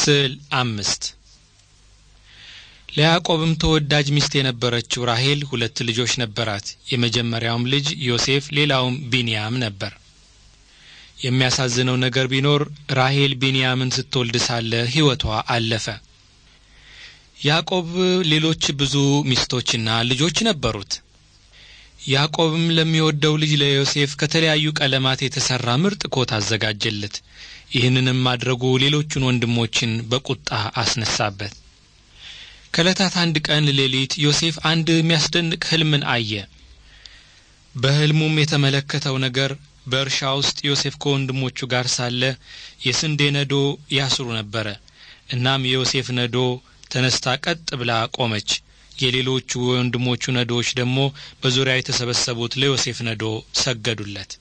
ስዕል አምስት ለያዕቆብም ተወዳጅ ሚስት የነበረችው ራሄል ሁለት ልጆች ነበራት። የመጀመሪያውም ልጅ ዮሴፍ፣ ሌላውም ቢንያም ነበር። የሚያሳዝነው ነገር ቢኖር ራሄል ቢንያምን ስትወልድ ሳለ ሕይወቷ አለፈ። ያዕቆብ ሌሎች ብዙ ሚስቶችና ልጆች ነበሩት። ያዕቆብም ለሚወደው ልጅ ለዮሴፍ ከተለያዩ ቀለማት የተሠራ ምርጥ ኮት አዘጋጀለት። ይህንንም ማድረጉ ሌሎቹን ወንድሞችን በቁጣ አስነሳበት። ከእለታት አንድ ቀን ሌሊት ዮሴፍ አንድ የሚያስደንቅ ሕልምን አየ። በሕልሙም የተመለከተው ነገር በእርሻ ውስጥ ዮሴፍ ከወንድሞቹ ጋር ሳለ የስንዴ ነዶ ያስሩ ነበረ። እናም የዮሴፍ ነዶ ተነስታ ቀጥ ብላ ቆመች። የሌሎቹ ወንድሞቹ ነዶዎች ደግሞ በዙሪያው የተሰበሰቡት ለዮሴፍ ነዶ ሰገዱለት።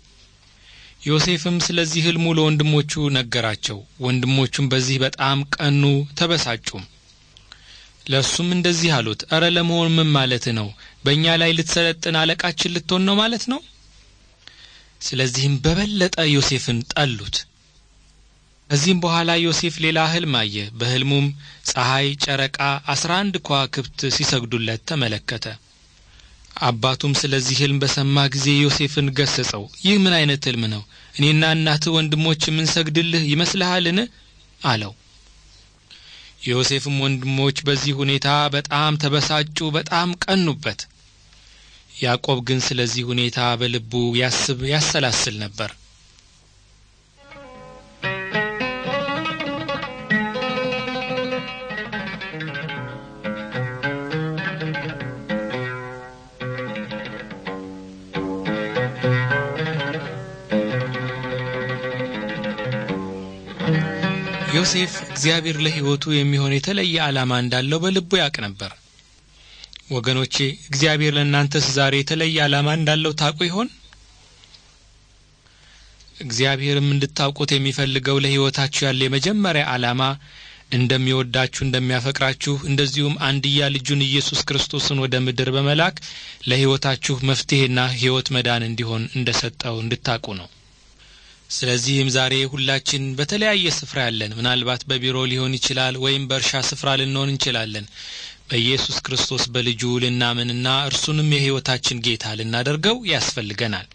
ዮሴፍም ስለዚህ ሕልሙ ለወንድሞቹ ነገራቸው። ወንድሞቹም በዚህ በጣም ቀኑ፣ ተበሳጩም። ለእሱም እንደዚህ አሉት፣ እረ ለመሆን ምን ማለት ነው? በእኛ ላይ ልትሰለጥን አለቃችን ልትሆን ነው ማለት ነው? ስለዚህም በበለጠ ዮሴፍን ጠሉት። ከዚህም በኋላ ዮሴፍ ሌላ ህልም አየ። በህልሙም ፀሐይ፣ ጨረቃ፣ አስራ አንድ ከዋክብት ሲሰግዱለት ተመለከተ። አባቱም ስለዚህ ህልም በሰማ ጊዜ ዮሴፍን ገሰጸው። ይህ ምን አይነት ህልም ነው? እኔና እናትህ ወንድሞች የምንሰግድልህ ይመስልሃልን? አለው። ዮሴፍም ወንድሞች በዚህ ሁኔታ በጣም ተበሳጩ፣ በጣም ቀኑበት። ያዕቆብ ግን ስለዚህ ሁኔታ በልቡ ያስብ ያሰላስል ነበር። ዮሴፍ እግዚአብሔር ለሕይወቱ የሚሆን የተለየ ዓላማ እንዳለው በልቡ ያቅ ነበር። ወገኖቼ እግዚአብሔር ለእናንተስ ዛሬ የተለየ ዓላማ እንዳለው ታውቁ ይሆን? እግዚአብሔርም እንድታውቁት የሚፈልገው ለሕይወታችሁ ያለ የመጀመሪያ ዓላማ እንደሚወዳችሁ፣ እንደሚያፈቅራችሁ እንደዚሁም አንድያ ልጁን ኢየሱስ ክርስቶስን ወደ ምድር በመላክ ለሕይወታችሁ መፍትሔና ሕይወት መዳን እንዲሆን እንደ ሰጠው እንድታውቁ ነው። ስለዚህም ዛሬ ሁላችን በተለያየ ስፍራ ያለን ምናልባት በቢሮ ሊሆን ይችላል ወይም በእርሻ ስፍራ ልንሆን እንችላለን በኢየሱስ ክርስቶስ በልጁ ልናምንና እርሱንም የሕይወታችን ጌታ ልናደርገው ያስፈልገናል